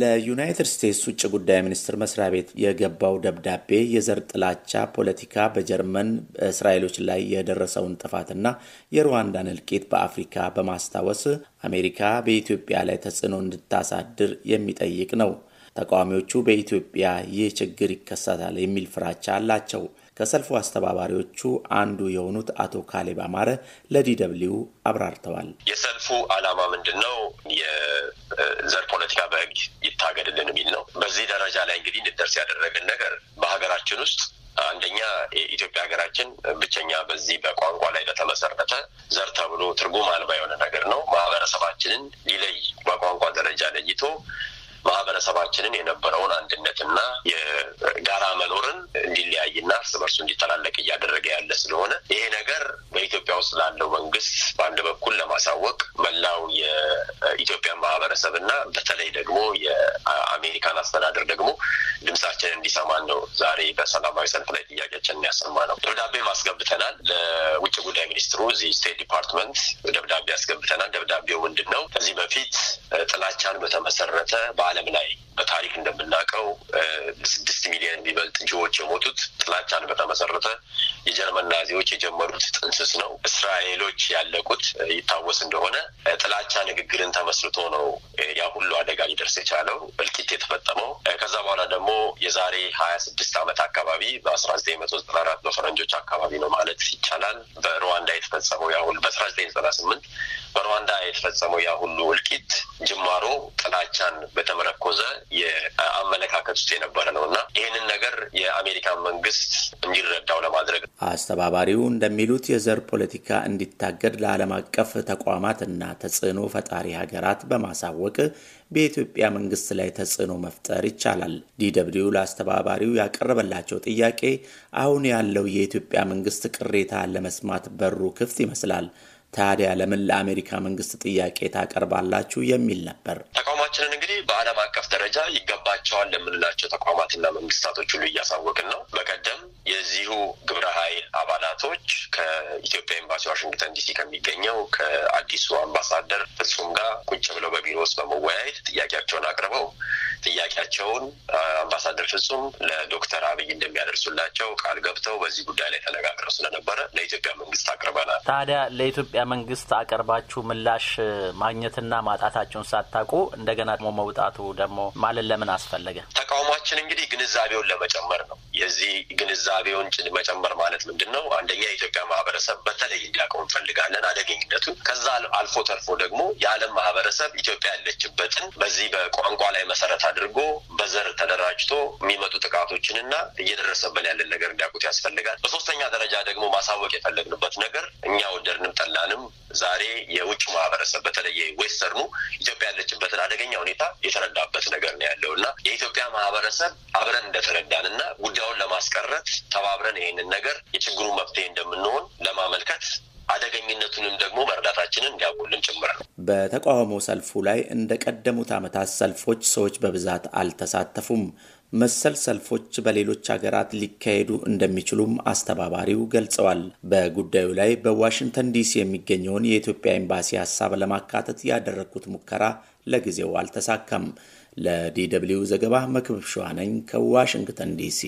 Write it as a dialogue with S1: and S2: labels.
S1: ለዩናይትድ ስቴትስ ውጭ ጉዳይ ሚኒስትር መስሪያ ቤት የገባው ደብዳቤ የዘር ጥላቻ ፖለቲካ በጀርመን እስራኤሎች ላይ የደረሰውን ጥፋትና የሩዋንዳን እልቂት በአፍሪካ በማስታወስ አሜሪካ በኢትዮጵያ ላይ ተጽዕኖ እንድታሳድር የሚጠይቅ ነው። ተቃዋሚዎቹ በኢትዮጵያ ይህ ችግር ይከሰታል የሚል ፍራቻ አላቸው። ከሰልፉ አስተባባሪዎቹ አንዱ የሆኑት አቶ ካሌብ አማረ ለዲ አብራርተዋል።
S2: የሰልፉ ዓላማ ምንድን ነው? ይታገድልን የሚል ነው። በዚህ ደረጃ ላይ እንግዲህ እንድደርስ ያደረገን ነገር በሀገራችን ውስጥ አንደኛ የኢትዮጵያ ሀገራችን ብቸኛ በዚህ በቋንቋ ላይ በተመሰረተ ዘር ተብሎ ትርጉም አልባ የሆነ ነገር ነው። ማህበረሰባችንን ሊለይ በቋንቋ ደረጃ ለይቶ ማህበረሰባችንን የነበረውን አንድነትና የጋራ መኖርን እንዲለያይና እርስ በርሱ እንዲተላለቅ እያደረገ ያለ ስለሆነ ይሄ ነገር በኢትዮጵያ ውስጥ ላለው መንግስት በአንድ በኩል ለማሳወቅ መላው ማህበረሰብ እና በተለይ ደግሞ የአሜሪካን አስተዳደር ደግሞ ድምጻችን እንዲሰማን ነው ዛሬ በሰላማዊ ሰልፍ ላይ ጥያቄያችን ያሰማ ነው። ደብዳቤ አስገብተናል ለውጭ ጉዳይ ሚኒስትሩ እዚህ ስቴት ዲፓርትመንት ደብዳቤ አስገብተናል። ደብዳቤው ምንድን ነው? ከዚህ በፊት ጥላቻን በተመሰረተ በዓለም ላይ በታሪክ እንደምናውቀው ስድስት ሚሊዮን የሚበልጥ ጅዎች የሞቱት ጥላቻን በተመሰረተ የጀርመን ናዚዎች የጀመሩት ጥንስስ ነው። እስራኤሎች ያለቁት ይታወስ እንደሆነ ጥላቻ ንግግርን ተመስርቶ ነው ያ ሁሉ አደጋ ሊደርስ የቻለው እልቂት የተፈጠመው። ከዛ በኋላ ደግሞ የዛሬ ሀያ ስድስት ዓመት አካባቢ በአስራ ዘጠኝ መቶ ዘጠና አራት በፈረንጆች አካባቢ ነው ማለት ይቻላል በሩዋንዳ የተፈጸመው ያ ሁሉ በአስራ ዘጠኝ ዘጠና ስምንት የተፈጸመው ያ ሁሉ እልቂት ጅማሮ ጥላቻን በተመረኮዘ የአመለካከት ውስጥ የነበረ ነው እና ይህንን ነገር የአሜሪካን መንግስት
S1: እንዲረዳው ለማድረግ አስተባባሪው እንደሚሉት የዘር ፖለቲካ እንዲታገድ ለዓለም አቀፍ ተቋማት እና ተጽዕኖ ፈጣሪ ሀገራት በማሳወቅ በኢትዮጵያ መንግስት ላይ ተጽዕኖ መፍጠር ይቻላል። ዲደብልዩ ለአስተባባሪው ያቀረበላቸው ጥያቄ አሁን ያለው የኢትዮጵያ መንግስት ቅሬታ ለመስማት በሩ ክፍት ይመስላል ታዲያ ለምን ለአሜሪካ መንግስት ጥያቄ ታቀርባላችሁ የሚል ነበር።
S2: ተቋማችንን እንግዲህ በዓለም አቀፍ ደረጃ ይገባቸዋል ለምንላቸው ተቋማትና መንግስታቶች ሁሉ እያሳወቅን ነው። በቀደም የዚሁ ግብረ ኃይል አባላቶች ከኢትዮጵያ ኤምባሲ ዋሽንግተን ዲሲ ከሚገኘው ከአዲሱ አምባሳደር ፍጹም ጋር ቁጭ ብለው በቢሮ ውስጥ በመወያየት ጥያቄያቸውን አቅርበው ጥያቄያቸውን አምባሳደር ፍጹም ለዶክተር አብይ እንደሚያደርሱላቸው ቃል ገብተው በዚህ ጉዳይ ላይ ተነጋግረው ስለነበረ ለኢትዮጵያ መንግስት አቅርበናል።
S1: ታዲያ ለኢትዮጵያ መንግስት አቅርባችሁ ምላሽ ማግኘትና ማጣታችሁን ሳታውቁ እንደገና ደግሞ መውጣቱ ደግሞ ማለት ለምን አስፈለገ?
S2: ተቃውሟችን እንግዲህ ግንዛቤውን ለመጨመር ነው። የዚህ ግንዛቤውን ጭን መጨመር ማለት ምንድን ነው? አንደኛ የኢትዮጵያ ማህበረሰብ በተለይ እንዲያውቀው እንፈልጋለን አደገኝነቱ ከዛ አልፎ ተርፎ ደግሞ የዓለም ማህበረሰብ ኢትዮጵያ ያለችበትን በዚህ በቋንቋ ላይ መሰረት አድርጎ በዘር ተደራጅቶ የሚመጡ ጥቃቶችንና እየደረሰብን ያለን ነገር እንዲያውቁት ያስፈልጋል። በሶስተኛ ደረጃ ደግሞ ማሳወቅ የፈለግንበት ነገር እኛ ወደድንም ጠላንም ዛሬ የውጭ ማህበረሰብ በተለየ ዌስተርኑ ኢትዮጵያ ያለችበትን አደገኛ ሁኔታ የተረዳበት ነገር ነው ያለው እና የኢትዮጵያ ማህበረሰብ አብረን እንደተረዳን እና ጉዳዩን ለማስቀረት ተባብረን ይሄንን ነገር የችግሩ መፍትሄ እንደምንሆን ለማመልከት አደገኝነቱንም ደግሞ መረዳታችንን እንዲያውቁልን
S1: ጭምር ነው። በተቃውሞ ሰልፉ ላይ እንደ ቀደሙት ዓመታት ሰልፎች ሰዎች በብዛት አልተሳተፉም። መሰል ሰልፎች በሌሎች ሀገራት ሊካሄዱ እንደሚችሉም አስተባባሪው ገልጸዋል። በጉዳዩ ላይ በዋሽንግተን ዲሲ የሚገኘውን የኢትዮጵያ ኤምባሲ ሀሳብ ለማካተት ያደረግኩት ሙከራ ለጊዜው አልተሳካም። ለዲ ደብልዩ ዘገባ መክብብ ሸዋነኝ ከዋሽንግተን ዲሲ